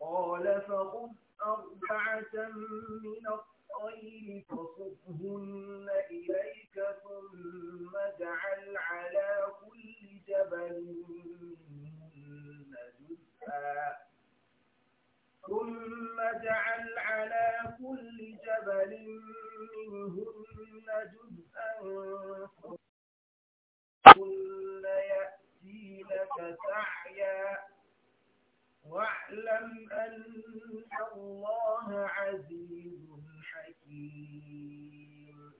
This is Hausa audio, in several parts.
قال فخذ أربعة من الطير فصبهن إليك ثم اجعل على كل جبل منهن جزءا ثم اجعل على كل جبل منهن جزءا كن يأتي لك سعيا واعلم أن الله عزيز حكيم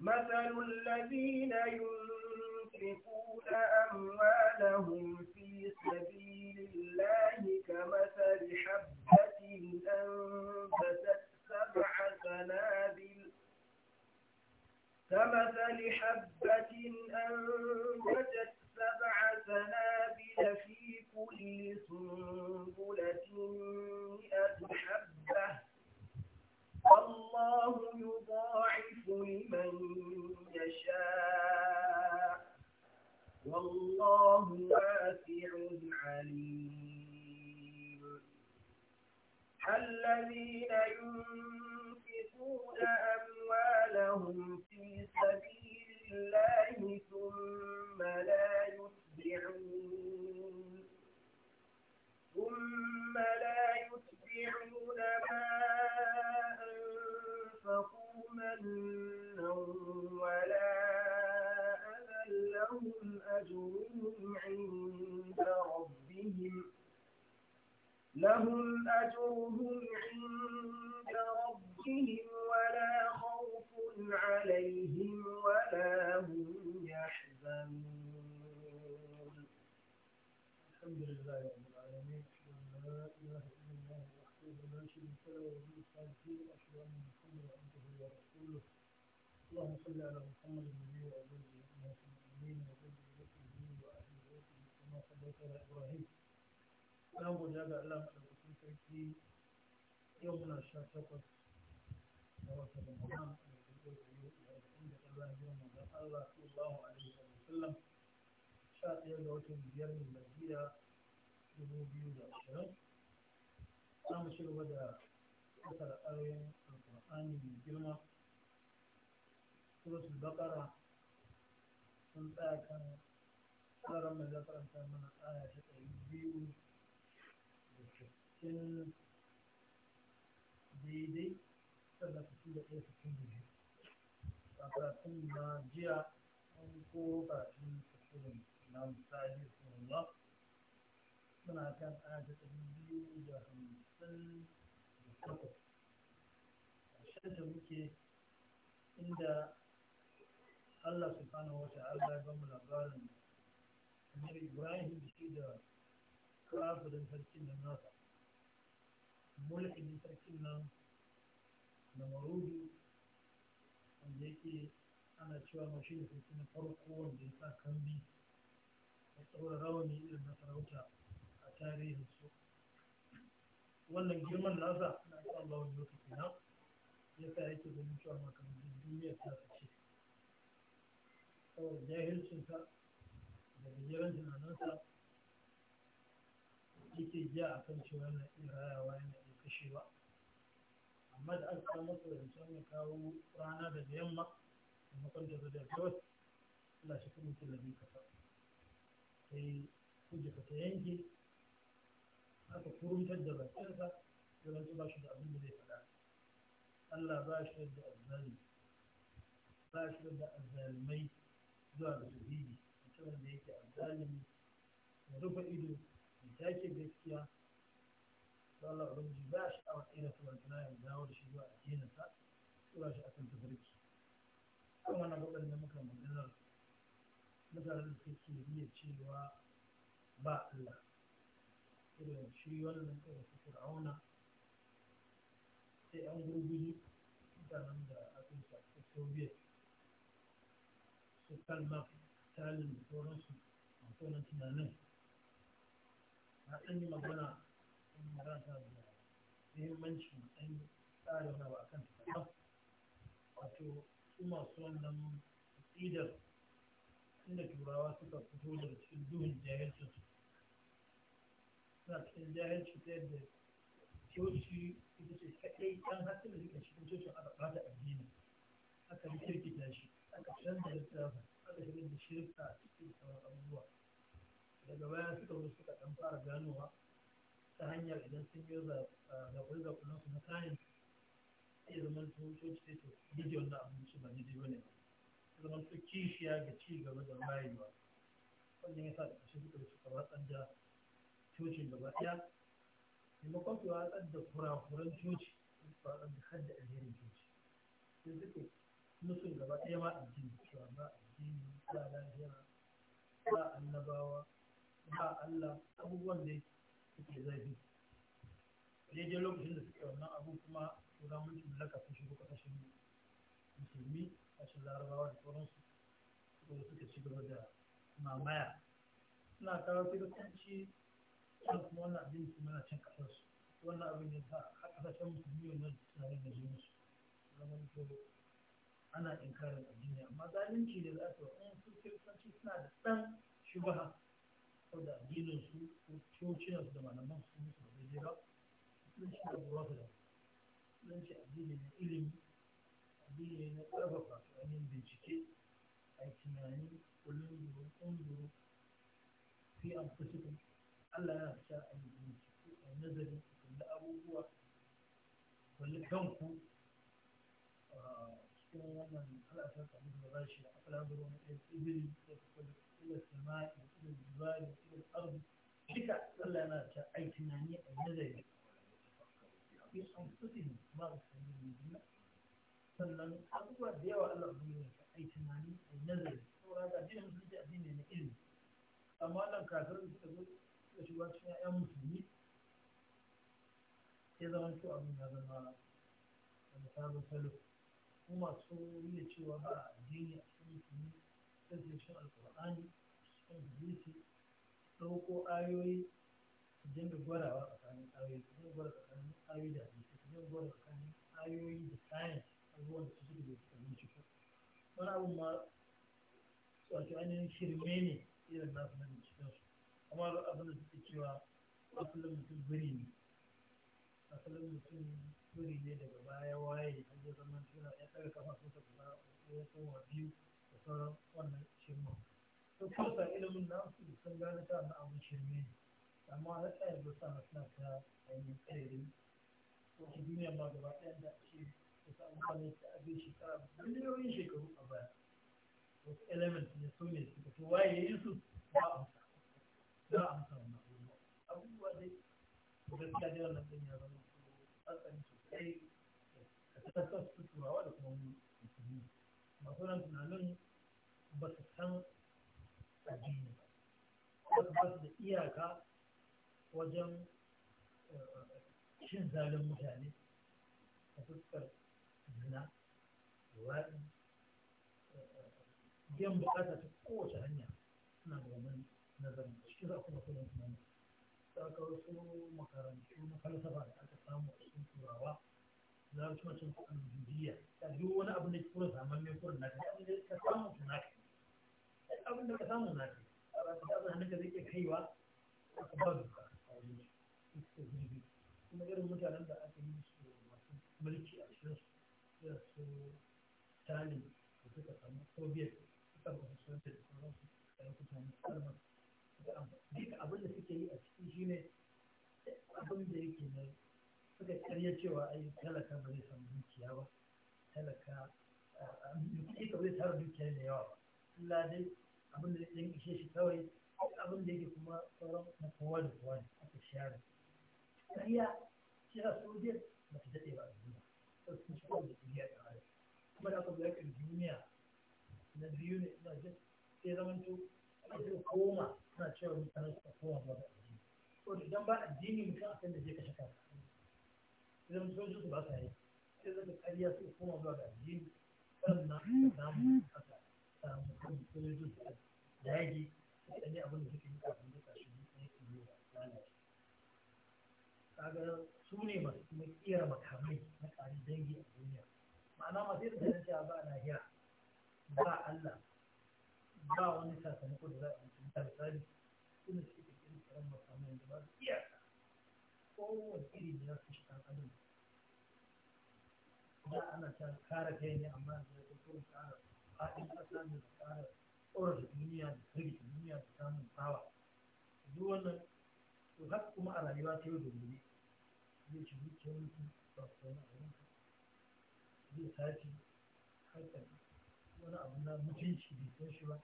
مثل الذين ينفقون أموالهم في سبيل الله كمثل حبة أنبتت سبع سنابل كمثل حبة أنبتت سبع سنابل في كل سنبلة مئة حبة والله يضاعف لمن يشاء والله واسع عليم الذين ينفقون لهم أجرهم عند ربهم ولا خوف عليهم ولا هم يحزنون الحمد لله رب العالمين لا إله إلا الله وحده لا شريك له وبه الصالحين وأشهد أن محمدا عبده ورسوله اللهم صل على محمد النبي وأزواجه أمهات المؤمنين وذريته وأهل بيته كما صليت على إبراهيم na godiya ga Allah madaukakin sarki yau muna sha takwas da wata ramadan da da Allah ya manzon Allah sallallahu alaihi wa sallam sha ɗaya ga watan biyar miladiya dubu biyu da ashirin za mu ci gaba da kasar ayoyin alƙur'ani mai girma suratul baqara sun tsaya kan tsaron mai zafaranta mana aya ta ɗari biyu cikin daidai sannan ku shiga ɗaya sittin da biyu a karatun na jiya an ko karatun sittin na misali sunwa suna kan aya ta ɗari biyu da hamsin da takwas ƙarshen da muke inda Allah subhanahu wa ta'ala ya bamu labarin Annabi Ibrahim shi da kafirin sarkin da nasa mulkin sarkin nan da marudu wanda yake ana cewa mashin da sarki na farko wanda ya sa kambi ya tsawon rawani irin na sarauta a tarihin su wannan girman nasa na isa Allah wani lokaci na ya sa yake ganin cewa makamannin duniya ta ce saboda jahilcinsa da gajeren tunaninsa yake jiya a kan cewa yana iya rayawa yana da shi ba amma da aka kawo masa zancen ya kawo rana da yamma da makon da zai da wasu, ina shi kuma killabi kasa sai kuje ta yanke aka kuruntar da bakinsa wurin ba shi da abin da zai faɗa Allah ba shi da azzali ba shi da azzalimai zuwa ga tuhidi mutumin da yake azzalimi ya rufe ido ya take gaskiya don Allah ubangiji ba shi a matsayin su barkana ya dawo da shi zuwa addinin sa tura shi akan tafarki kan wannan gaban da muka maganar mutanen da suke iya cewa ba Allah irin shi wannan irin su fir'auna sai an gurguri mutanen da aka yi shafi soviet su kalma talin da sauransu a tunanin na magana muhimmanci an tsara wani ba kan tafiya inda turawa suka fito daga cikin duhun suna cikin yadda coci ita ce kaɗai ɗan cikin cocin aka addini aka shi aka canza littafin da shirka a cikin abubuwa daga baya suka suka ɗan fara ganowa ta hanyar idan sun yi zaɓe-zaɓen su na sayin sai zaman tutoci sai to gije wannan abinci ba daidai ba ne ba zaman to kishiya ga ci gaba da rayuwa wannan ya sa da kashe da suka wuce gabatsar da cocin gaba ɗaya maimakon su watsar da kurakuran coci sun faɗar da hadda alherin coci sai suka musun gaba ɗaya ma addini cewa ba addini ba lahira ba annabawa ba Allah abubuwan da yake suke zafi daidai lokacin da suke wannan abu kuma tura mulki mallaka sun shigo kasashen musulmi kasashen larabawa da sauransu da suka ci gaba da mamaya suna kawo firikanci da kuma wannan abin su mana cin kasarsu wannan abin ya sa a kasashen musulmi wannan tunanin da jini su zama to ana inkarin addini amma zalunci da za su in sun firikanci suna da ɗan shubaha saboda addinin su ko cocinan su da malaman su musu da daidai ba musulunci da ruwa su da addini na ilimi addini ne na ƙarfafa su ainihin bincike a yi tunani kullum duru fi Allah yana fita a yi bincike a yi nazari kalli abubuwa kalli kanku cikin wannan al'asar kamar da rashi a kalar da wani ɗaya tsibiri da kuma da الجبال وفي الأرض duka Allah yana ta ai tunani a nazari fi anfusihim ma yusallu bi sannan abubuwa da yawa Allah ya yi ta ai tunani a nazari saboda da addinin musulunci addini ne ilimi amma wannan kafirin suka zo suka shiga cikin ƴan musulmi ya zama cewa abin ya zama da sabon salo kuma masu yi cewa ba addini a cikin musulmi sai cikin alkur'ani hadisi ɗauko ayoyi su dinga gwarawa tsakanin ayoyi su dinga gwara tsakanin ayoyi da hadisi su dinga gwara tsakanin ayoyi da science abubuwan da su suke da tsakanin shi wani abu ma wato ainihin shirme ne irin nasu na binciken su amma abin da suke cewa asalin mutum biri ne asalin mutum biri ne daga baya waye an je zaman suna ya tsara kafa sun ta kuma ya kowa biyu da sauran wannan shirmen. kusa ilimin na su sun gane ta na abin shirme amma na tsaye da sa na suna ta hanyar tsairin wata duniya ma gaba ɗaya da ce ta sa amfani ta abin shekara miliyoyin shekaru a baya wasu element ne su ne suka fi waye yi su ba a amsa ba a amsa wannan abubuwa abubuwa dai gaskiya dai wannan ɗin ya zama su tsakani sosai da ta sassa su turawa da kuma musulmi masu nan tunanin ba su san ba da iyaka wajen shin eh, zalin mutane a fuskar zina luwaɗi eh, biyan bukata ta kowace hanya suna da wannan nazarin shi za kuma kuma kuma saka wasu makarantu na falsafa da aka samu a cikin turawa za su mace kuɗin juriya ta duk wani abin da kura saman mai kurin naka abin da ka samu naka abin da ka samu naka hannunka zai iya kaiwa aka ba kuma irin mutanen da aka yi su masu mulki a cikin su irin su talin da suka samu ba ne yi a ciki shi abin da yake na suka karya cewa ai talaka ba zai samu dukiya ba talaka eh, eh, dukiya ba zai tara dukiya da yawa ba abin da zai ishe shi kawai abin da yake kuma sauran na kowa da kowa ne aka share kariya shi a soviet ba ta daɗe ba a duniya ta sun shi da duniya ta hada kuma da aka zo yakin duniya na biyu ne suna jin sai zamanto a ce koma suna cewa mutane su koma ba da addini ko idan ba addini mutum a san da zai kashe kansa idan sojin su ba sa yi sai zaka kariya su koma ba da addini sannan a daji da ne abin kaga su ne masu kuma makamai na dangi a duniya ma'ana masu yin sanin cewa ba lahiya ba Allah ba wani sakamako da za a yi cikin misali su makamai da ba su iya iri da za su shi adam ana ta kare kai ne amma da ya kuma tsoron duniya da sirri duniya da samun tsawa duk wannan to kuma a rayuwa ta yau da gobe ba su wani abu na mutunci bai san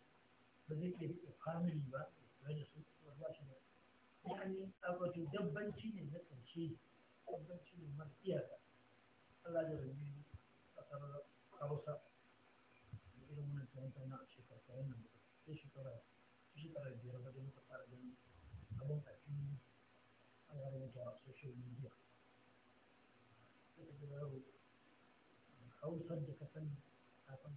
ba ba zai iya ba ya da ba ya an yi dabbanci ne na ƙarshe dabbanci ne iyaka da rabi a hausa irin wannan a shekara sayan shekara shekara biyar ba da muka fara ganin abin a social media ka ga yaro da ka sani kafin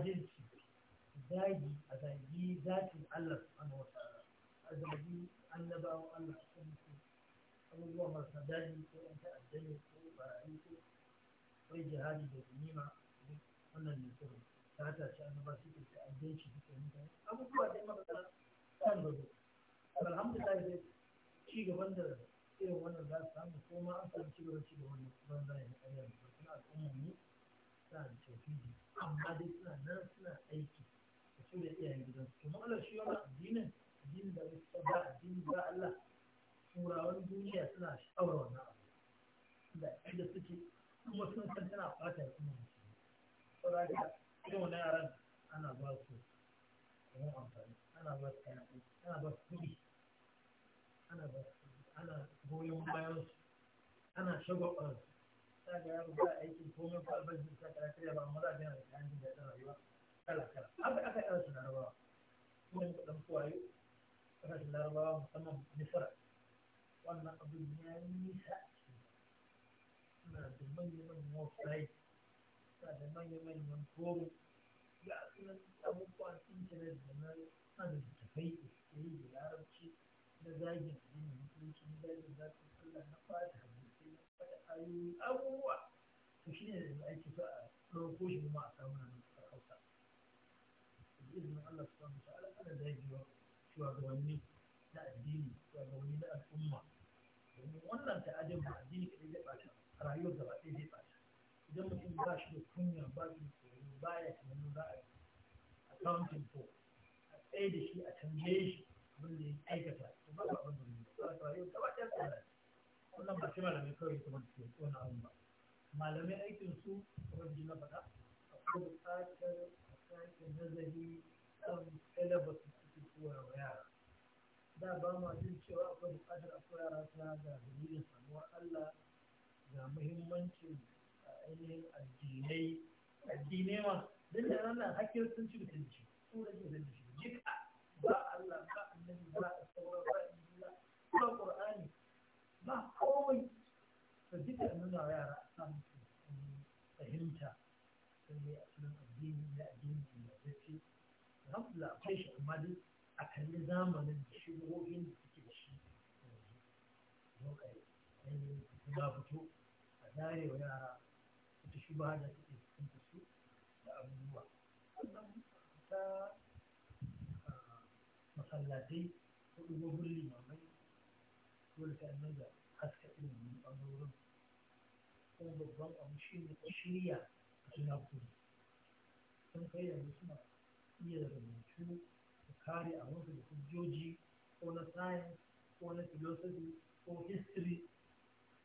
ne zagi a zagi zatin Allah subhanahu wa ta'ala a zargi annabawan Allah a kan su abubuwa marasa daji ko an ta'adda ne ko barayi ko wai jihadi da ganima wannan ne kurum ta tashi annaba su ke ta'addanci suke mutane abubuwa dai mabata kan bazo alhamdulillah dai ci gaban da irin wannan za su samu ko ma an samu cigaban cigaban da ban zai na ƙarya da kuma al'umma ne suna da tauhidi amma dai suna nan suna aiki da su da iyayen gidansu kuma Allah shi wannan addinin addini da gaskiya ba addini ba Allah turawan duniya suna sha'awar wannan abu da inda suke Wasu sun san tana fata ya kuma musu saboda irin wannan yaran ana ba su Kuma amfani ana ba su kayan aiki ana ba su kuɗi ana ba su ana goyon bayan su ana shagwabar su ta ga yaro ba aikin komai ba albashin ta kara kare ba amma za a gina da kayan jin daɗin rayuwa kala kala haka aka yi su larabawa kuma yin kuɗin kuwaye فرج الأربعة مصمم لفرع وأن قبل النساء ما من من موفعي هذا من من منفور يعقل أبو باسم جل الجمال هذا التفيت السيد العربي نزاجي الدين المسلمين نزاجي ذات الله نقاد حديثي نقاد أيوي أبوه فشين الاتفاق لو كوش بما أسامنا من الحوصة بإذن الله سبحانه وتعالى أنا ذاجي وقت shugabanni na addini shugabanni na al'umma domin wannan ta'adin ba addini kaɗai zai ɓata a rayuwar gaba ɗaya zai ɓata idan mutum ba shi da kunya ba shi da tsoro ba ya tunanin za a yi accounting for a tsaye da shi a tambaye shi abin da ya aikata to ba ba abin da ya ba rayuwar gaba ɗaya wannan ba sai malamai kawai kuma su yi wannan abin ba malamai aikin su kamar da faɗa akwai buƙatar a sake nazari kan syllabus koya wa yara da ba ma jin cewa akwai buƙatar a koya yara ta ga dalilin samuwar Allah ga muhimmancin ainihin addinai addinai ma don da nan hakkin sun ci da ci ko da ke da shi duka ba Allah ba annabi ba sauran ba injila ba qur'ani ba komai to duka nuna wa yara a samu fahimta sai a cikin addini da addini da ya ce alhamdulillah akwai shi amma dai a kalli zamanin da shigohin da suke da shi yanzu na fito a zare wa yara wata shuba da suke cikin su da abubuwa sannan ta masallatai ko dubobin limamai dole ta nan da haska ilimin ɓangarorin kuma babban abu shi ne shirya a suna kudu sun kai yanzu suna iya rubutu kare a musu da hujjoji ko na science ko na philosophy ko history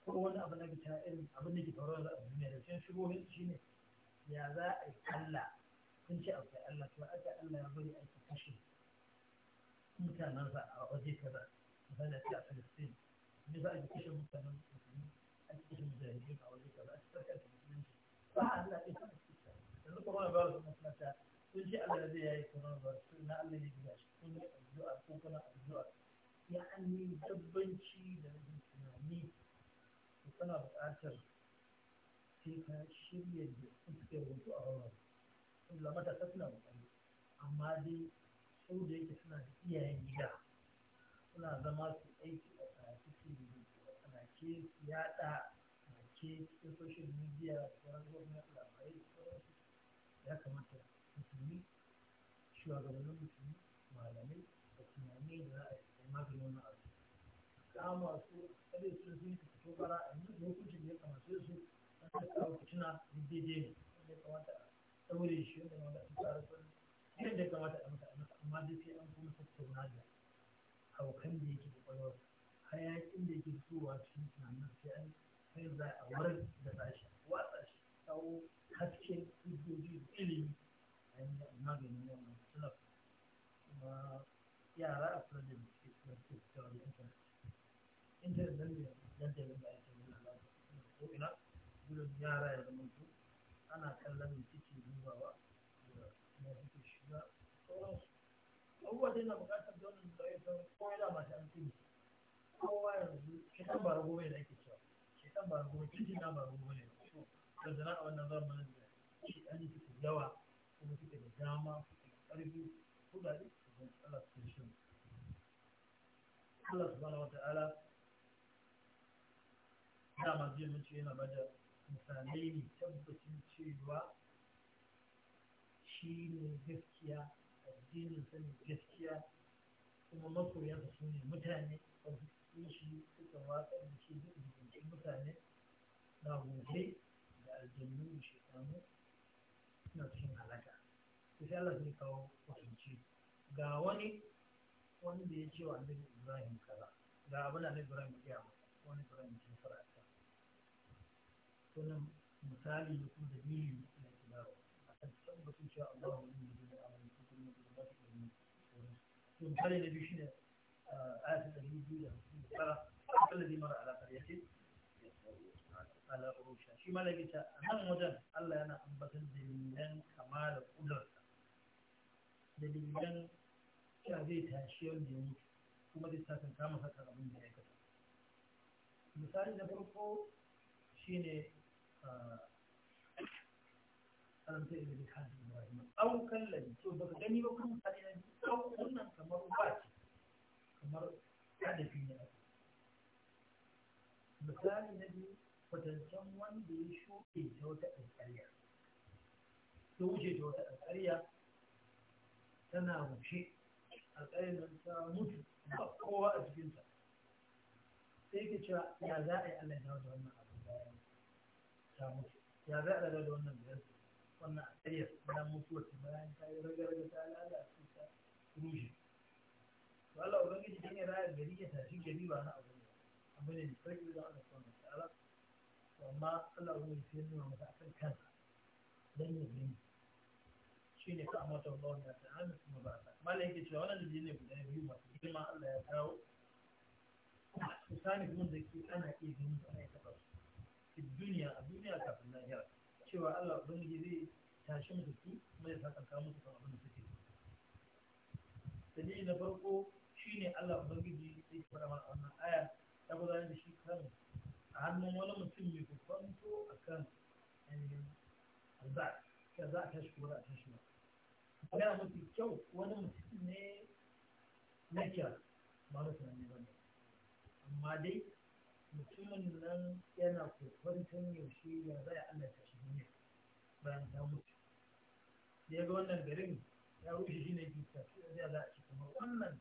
ko wani abu na bita irin abin da ke faruwa a duniya da can shigohin shi ne ya za a yi Allah sun ce akwai Allah to aka Allah ya bari aiki kashe mutanensa a waje kaza misali a ce a Palestine ne za a yi kashe mutanen musulmi a cikin mujahidin a waje kaza a cikin karkar musulunci ba Allah ya kashe yanzu kuma ba su masu sun ce Allah zai yayi sunan ba na Allah ya gida shi kun yi addu'a ko kana addu'a ya an dabbanci da tunani to kana buƙatar sai ka shirya da suke rubutu a wannan saboda ta suna buƙatar amma dai sau da yake suna da iyayen gida suna zama su aiki a tsanaki su yi a tsanake social media da sauran gwamnati labarai da ya kamata musulmi shugabannin musulmi malamai da tunani da a yi maganin wannan abu kama su kada su sun su fito bara a yi da hukuncin da ya kamace su wanda ta kawo fitina daidai ne wanda ya kamata a ɗaure shi wanda wanda a tsara sun yadda ya kamata a masa sai an kuma tattauna da haukan da yake kwakwalwar hayakin da so fitowa cikin tunanin sai an sai za a warar da tashi watsa shi kawo da hujjoji ilimi yara a kula da suke kuma suke fita wajen intanet intanet nan ne don ta yadda ake nuna labarai ko ina gudun yara ya zama su ana kallon suke dubawa da kuma suke shiga sauransu abubuwa dai na bukatar da wannan tsayyatar kowai da masu an tuni kowa yanzu shekan ba rago da ake cewa shekan ba rago cikin na ba rago mai da na a wannan zamanin da shi an yi yawa dama ƙarfi kudade da Allah su shi Allah subhanahu wata'ala dama zai mace yana bada misalai ne tabbacin cewa shi ne gaskiya addinin sa ne gaskiya kuma makoyansa su ne mutane a cikin shi suka watsa da shi duk mutane na gobe da aljannu da shekaru na cikin halaka sai Allah zai kawo fahimci ga wani wanda ya ce wa annabi Ibrahim kaza ga abin da annabi Ibrahim ya masa wani Ibrahim ya fara ta sunan misali da kuma dalili na kibaro a kan tabbatun cewa Allah wani ne da amalin kuma da ba ta ilimi to misali na biyu shine ayatul dalili biyu da hamsin da tara ya مر على قريته على أروشا شي ما لقيتها أهم وجن الله أنا أنبت الدليلان كمال da dalilan cewa zai tashi wanda ya mutu kuma zai sa kan masa haka da ya aikata misali na farko shine karanta ilimin kan ibrahim au kallon to ba ka gani ba kuma misali na yana au nan kamar ba ce kamar hadafi ne ake misali na biyu kwatancen wanda ya shuke ta wata alƙarya ta wuce ta wata alƙarya tana rushe a tsayin ta mutu ba kowa a cikinta sai ke cewa ya za a yi Allah ya da wannan abu bayan ta mutu ya za a dawo da wannan bayan wannan a tsayar bayan wasu ta bayan ta yi raga da ta lalace ta rushe to Allah ubangiji shi ne ra'ayar gari ya tashi gari ba na abu ne abu ne sai da Allah subhanahu wataala to amma Allah ubangiji sai ya nuna masa akan kansa dan ya gani shine fa amata Allah ya ta'ala kuma ba ta malai ke cewa wannan dalilin guda biyu masu girma Allah ya kawo misali mun da ke ana iya gani ba ai taba su duniya a duniya kafin na lahira cewa Allah ubangiji zai tashi musu su kuma ya saka musu kan abin da suke dalili na farko shine Allah ubangiji zai fara mana wannan aya ta gudanar da shi kan a hannun wani mutum mai kwanto akan ainihin eh, azar kaza ta a ta shura magana mafi kyau wani mutum ne na kira ba da tunani ba ne amma dai mutumin nan yana kokwantin yaushe ya zai Allah ta shi duniya bayan ta mutu da ya ga wannan garin ya rushe shi ne bisa ya za a ci kuma wannan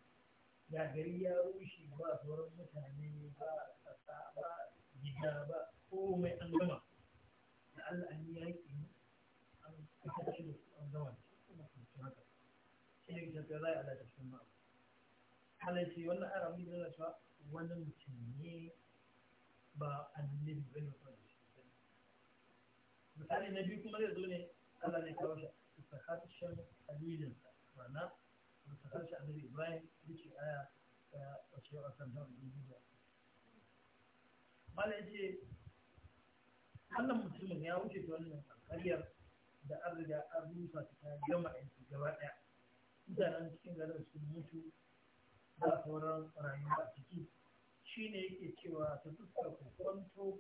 ya gari ya rushe ba sauran mutane ba ƙasa ba gida ba komai an gama da kai zai Allah ta cikin ba Allah wannan ayar da cewa wani mutum ne ba annabi ba ne ba misali na biyu kuma zai zo ne Allah ne kawo shi sakashin halilin ma'ana sakashin annabi Ibrahim yace aya ta wace a san da ubangiji Allah ya ce wannan mutumin ya wuce ta wannan kariyar da an riga an rusa ta gama aiki gaba ɗaya mutanen cikin garin sun mutu da sauran rayuwa a ciki shi ne yake cewa ta fuskar kwanto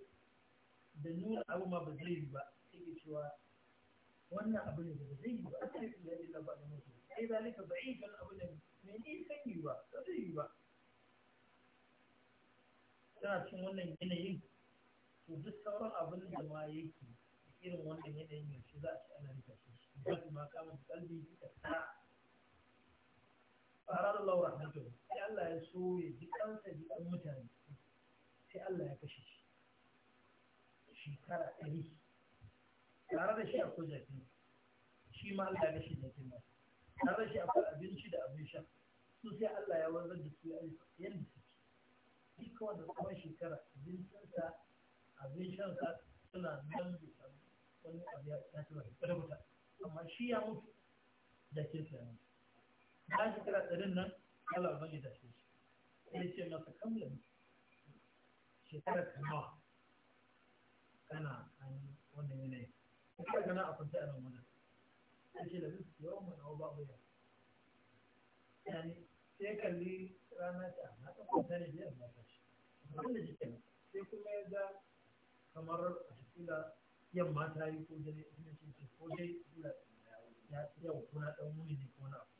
da nuna abu ma ba zai yi ba yake cewa wannan abu ne da ba zai yi ba a cikin da illa ba da mutu sai zalika ba yi kan abu ne mai nisan yi ba ba zai yi ba tana cin wannan yanayin to duk sauran abin da ma yake irin wannan yanayin yanzu za a ci ana rika shi ba ma kama kalbi ta fara da laura hajjo sai Allah ya so ya ji kansa ji kan mutane sai Allah ya kashe shi shekara ɗari tare da shi akwai zafi shi ma Allah ya kashe zafi ba tare da shi akwai abinci da abin sha su sai Allah ya wanzar da su yadda ke. shi kawai da kuma shekara abincinsa abin shansa suna nan da wani abu ya tashi ba amma shi ya mutu da ke tsaye ba shi kira ɗarin nan Allah ban ya tashi shi sai ce masa kamlan shekarar kama kana an wannan yanayi kuma gana a kwanta a nan wajen sai ce labin su yawan mana wa babu ya yani sai kalli rana ta na ta kwanta ne biyar na tashi wanda jikin sai kuma ya ga kamar a shekula yamma ta yi ko dai ko dai yau kuna ɗan wuni ne ko na abu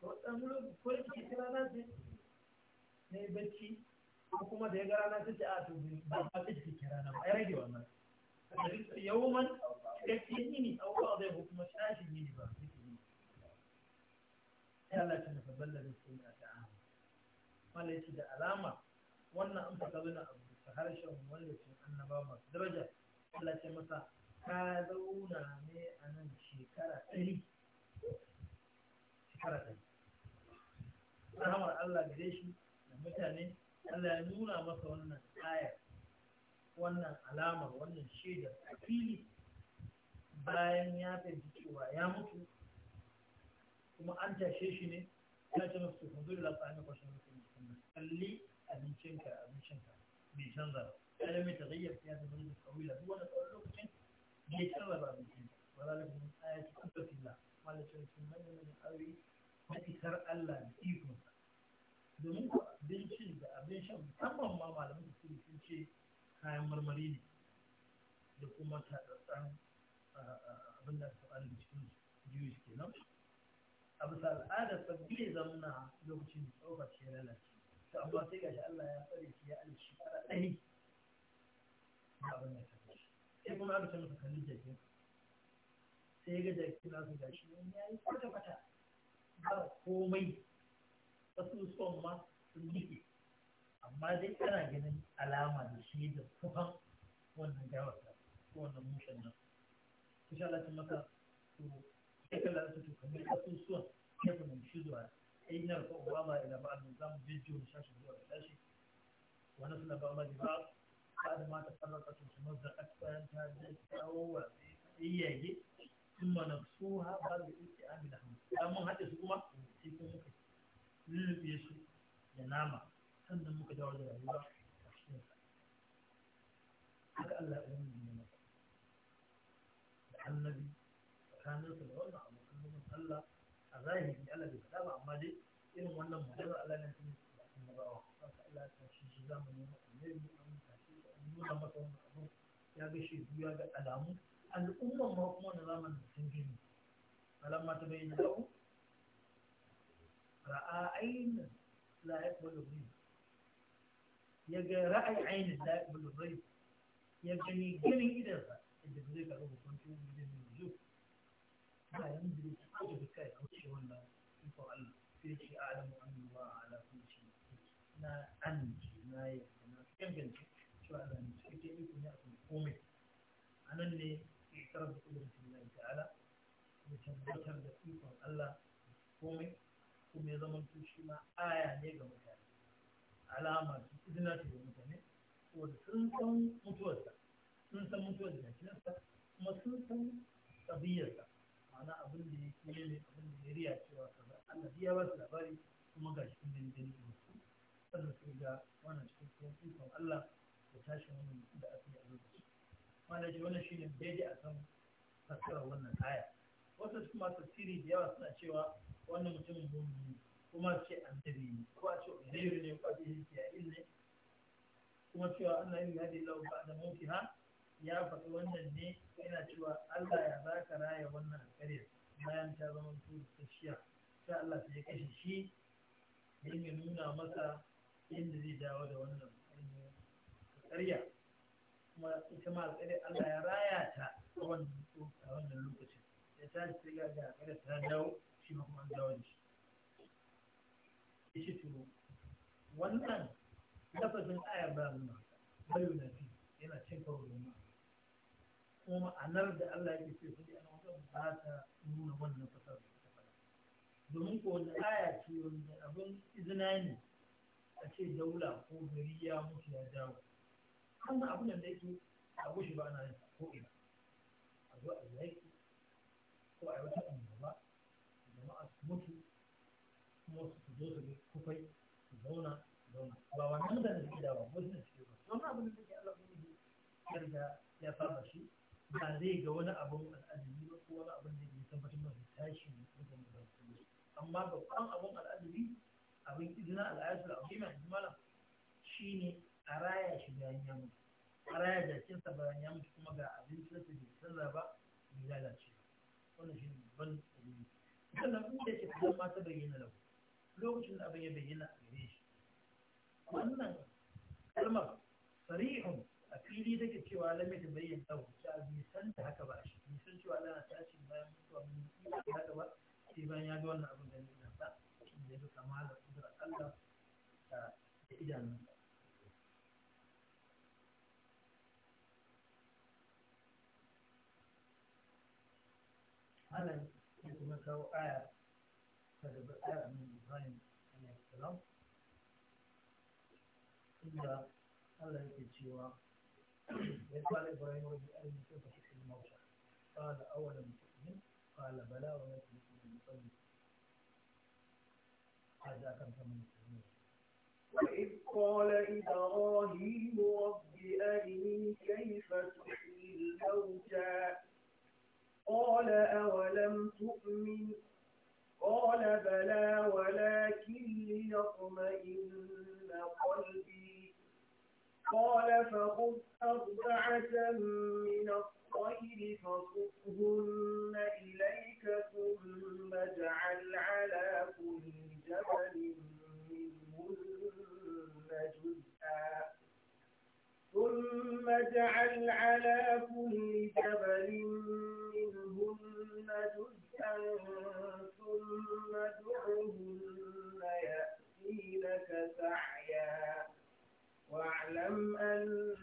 waɗannan farin ciki ta rana ce na yi barci, ko kuma da ya ga rana ta ce a to ba a ta ciki rana ba ya rage wannan yau man cikakken yini a wuwa zai hukuma shashin yini ba ya Allah ta nufa ballarin sun a ta'amu malaci da alama wannan an fata wani abu ta harshen wallacin annaba masu daraja Allah ce masa ka zauna ne a nan shekara ɗari harafi rahamar Allah gare shi da mutane Allah ya nuna masa wannan ayar wannan alamar wannan shaidar a fili bayan ya fahimci cewa ya mutu kuma an tashe shi ne ya ce masu kunzu da lafa ne kwashe mutum musamman kalli abincinka abincinka bai canza ba kalamin ta zayyar ya zama da kawila duk wani tsawon lokacin bai canza ba abincinka ba za a lafi ayyaci kan tafiya malakin sun manyan manyan aure na Allah da ikonsa domin ko abincin da abin shan musamman ma malamin da suke sun ce kayan marmari ne da kuma tatsatsan abin da su an da cikin jewish kenan a bisa al'adar sabbi bai zamna lokacin da tsofa ce ya lalace to amma sai gashi Allah ya tsare shi ya alshi shekara ɗari da abin da ta faɗa sai kuma aka ce masa kalli jakin sai ya ga jakin nasu gashi ya yi kwata-kwata ba komai wasu son ma sun nike amma dai tana ganin alama da shi da kuhan wannan gawar ko wannan mushen nan insha Allah ta maka to sai ka lalata to kamar kasusuwan ya fi mun shi zuwa ai na rufa ba ila ba an zamu jejjo mu shashi zuwa da shashi? wani suna ba ma ba ba da mata farraka to su mazda a bayan ta da tsawo wa iyaye sun mana su ha ba da ita amina mun haɗe su kuma sai kuma muka su da nama sannan muka dawo da rayuwa a cikin sa haka Allah ya yi da annabi tsakanin sa da wannan abokan zaman Allah a zahiri Allah bai faɗa ba amma dai irin wannan magana Allah ne sun da annabawa haka Allah ya tashi shi zamanin an tashi an nuna masa wannan abu ya ga shaidu ya ga alamu al'umman ba kuma na zamanin sun gini alam mata bai yi lau ra'a ainin la yaqbalu ghayb ya ga ra'ayi ainin la yaqbalu ghayb ya gani gini idansa inda zai karɓi hukuncin gidan yanzu ba yanzu da ta da kai a wuce wannan ikon Allah sai ce a alamu an wa ala shi na amince na yi na kyanganci cewa Allah ne cikin ikon ya komai a ne shirin da sunan ta'ala wajen bakar da ikon Allah komai kuma ya zama tushe ma aya ne ga mutane alama su izina ce ga mutane wanda sun san mutuwarsa sun san mutuwar da ke kuma sun san tsabiyarsa ma'ana abin da ya kiyaye ne abin da ya riya cewa kaza Allah ya ba su labari kuma ga shi kun gani gani ne sannan sai ga wannan cikin ikon Allah da tashin wannan da aka yi wanda shi wannan shine daidai a kan fassara wannan aya wasu su masu siri da yawa suna cewa wannan mutumin mummi kuma ce annabi ne ko a ce uzairu ne ko a ce hikiya'il ne kuma cewa ana yin hadi lau ba da mauti ha ya faɗi wannan ne yana cewa Allah ya za ka raya wannan alƙaryar bayan ta zama shiya sai Allah ta ya kashe shi don ya nuna masa inda zai dawo da wannan alƙarya kuma ita ma alƙalai Allah ya raya ta a wannan lokacin ya ta ce ga ga kada ta dawo shi ma kuma dawo shi shi to wannan lafazin ayar ba mu bayu na fi yana cin karo da ma kuma ma'anar da Allah ya ce sai ana wannan ba ta nuna wannan fasar domin ko wani aya ce wanda abin izina ne a ce daula ko gari ya mutu ya dawo wannan abin da yake a gushi ba na ko ina a zo a yaki ko a yi wata annoba jama'a su mutu kuma su zo su kufai su zauna zauna ba wannan da na suke dawa wasu da suke ba wannan abin da yake Allah ya riga ya shi ba zai ga wani abin al'ajabi ba ko wani abin da yake tabbatar da tashi mutane da su amma babban abin al'ajabi abin izina al'ayatul azima yanzu malam shine a raya shi bayan ya mutu a raya sa bayan ya mutu kuma ga da bai canza ba bai lalace ba wannan shi ne babban dalili sannan in da shekaru ma ta bayyana lau lokacin da abin ya bayyana a gare shi wannan kalmar sarihun a fili take cewa lamai ta bayyana lau ta bai san da haka ba a shi bai san cewa lana ce bayan mutuwa mun yi haka ba sai bayan ya ga wannan abin da ne da sa shi ne ya kama da kudura Allah da idanunsa آية. آية إبراهيم عليه السلام قال أولا تؤمن قال بلى ولكن تؤمن بقلبك وإذ قال إبراهيم رب أرني كيف تحيي الموتى قال أولم تؤمن قال بلى ولكن ليطمئن قلبي قال فخذ أربعة من الطير فصفهن إليك ثم اجعل على كل جبل منهن جزءا ثم اجعل على كل جبل منهن جزءا ثم ادعهن يأتينك سعيا واعلم أن